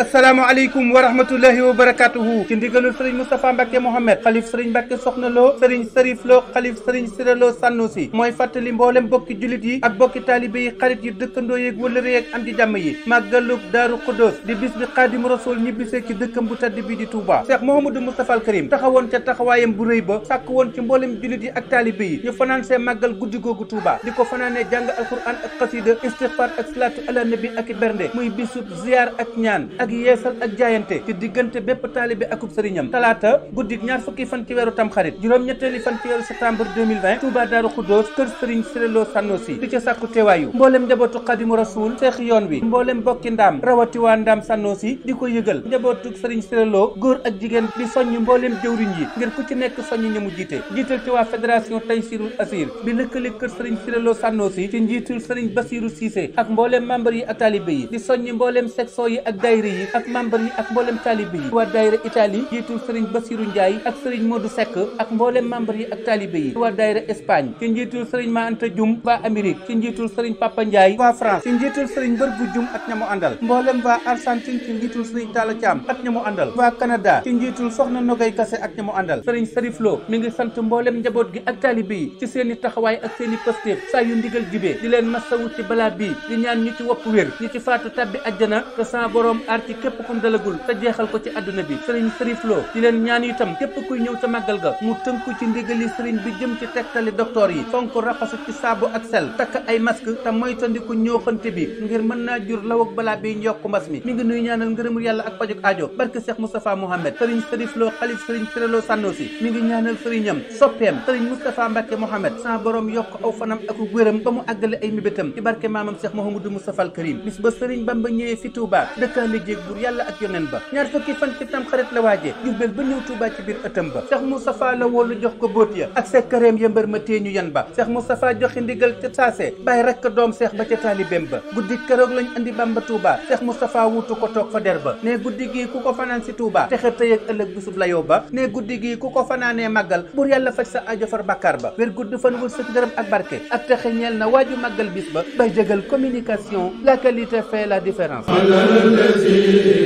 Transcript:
asalaamaaleykum wa rahmatullahi wa barakatuhu ci ndigalul sëriñ Moustapha Mbacke Mohamed xalif sëriñ Mbacke Soxna Lo sëriñ Serif Lo xalif sëriñ Siré Lo Sanoussi mooy fàttali mboolem bokki julit yi ak bokki taalibe yi xarit yi dëkkandoo yeeg wëlëre yeeg am di jàmm yi màggalug Daaru Xuddoos di bis bi xaadim rasul ñibbisee ci dëkkam bu tedd bi di Touba Cheikh Mouhamadou Moustapha al Karim taxawoon ca taxawaayam bu rëy ba sàkk woon ci mboolem julit yi ak taalibe yi ñu fanaan see màggal guddi googu Touba di ko fanaanee jàng alquran ak xasida istixfar ak salaatu ala nabi ak bernde muy bisub ziar ak ñaan ak ak yeesal ak jaayante ci diggante bépp taalibe akub sëriñam talaata guddik ñaar fukki fan ci tamxarit juróom-ñetteeli fan ci weeru septembre 2020 Touba Daaru Xuddoos kër sëriñ Sirelo Sanosi di ca sàkku teewaayu mbooleem njabootu Xadimu Rasuul seex yoon wi mbooleem bokki ndaam rawati waa ndaam Sanosi di ko yëgal njabootu sëriñ Sirelo góor ak jigéen di soññ mbooleem jëwriñ yi ngir ku ci nekk soññ ñamu jiite jiital ci waa fédération Taysirul Asir bi lëkkali kër sëriñ Sirelo Sanosi ci njiitul sëriñ Basiru Siise ak mbooleem membre yi ak taalibe yi di soññ mbooleem section yi ak daayira yi yi ak membre yi ak mbollem talib yi wa daaira Italie jitu Serigne Bassirou Ndiaye ak Serigne Modou Sek ak mbollem membre yi ak talib yi wa daaira Espagne ci jitu Serigne Ma Anta Jum Amérique ci jitu Serigne Papa Ndiaye France ci sering Serigne Mbër bu ak ñamo andal mbollem wa Argentine ci jitu Serigne Talla Cham ak ñamo andal wa Canada ci jitu soxna Nogay Kase ak ñamo andal Serigne Serif Lo mi ngi sant mbollem njabot gi ak talib yi ci seeni taxaway ak seeni pëstéef sa yu ndigal jibe di len masawu ci balaa di ñaan ñu ci wop ñu ci faatu tabbi aljana te sa borom art ci képp kum dalagul te jeexal ko ci àdduna bi sëriñ Cherif Lo di leen ñaan itam képp kuy ñëw ca màggal ga mu tënku ci ndigali sëriñ bi jëm ci tegtali docteur yi fonk raxasu ci saabu ak sel takk ay masque te moytandiku ñooxante bi ngir mën naa jur law ak balaa bi yokku mbas mi mi ngi nuy ñaanal ngërëmul yàlla ak pajuk aajo barke Cheikh Moustapha Mohamed sëriñ Cherif Lo xalif sëriñ Cherif Lo Sanosi ngi ñaanal sëriñam soppeem sëriñ Moustapha Mbacke Mohamed sa borom yokk aw fanam ak ba mu àggale ay mébétam ba sëriñ Bamba ñëwee fi Touba waajeeg buur yàlla ak yonen ba ñaar fukki fan ci tam la waajee jubbel ba ñëw Tuubaa ci biir ëttam ba Cheikh Moustapha la woolu jox ko bóot ya ak sekkareem ya mbër ma téeñu yan ba Cheikh Moustapha joxe ndigal ca saase bàyyi rakk doom seex ba ca taalibeem ba guddi keroog lañ andi Bamba Tuubaa Cheikh Moustapha wutu ko toog fa der ba ne guddi gii ku ko fanaan si Tuubaa texe tey ak ëllëg bisub la yow ba ne guddi gii ku ko fanaanee màggal buur yàlla faj sa ajo far ba wér gudd fan wërsëg ngërëm ak barke ak texe ñeel na waaju màggal bis ba la qualité fait Amen.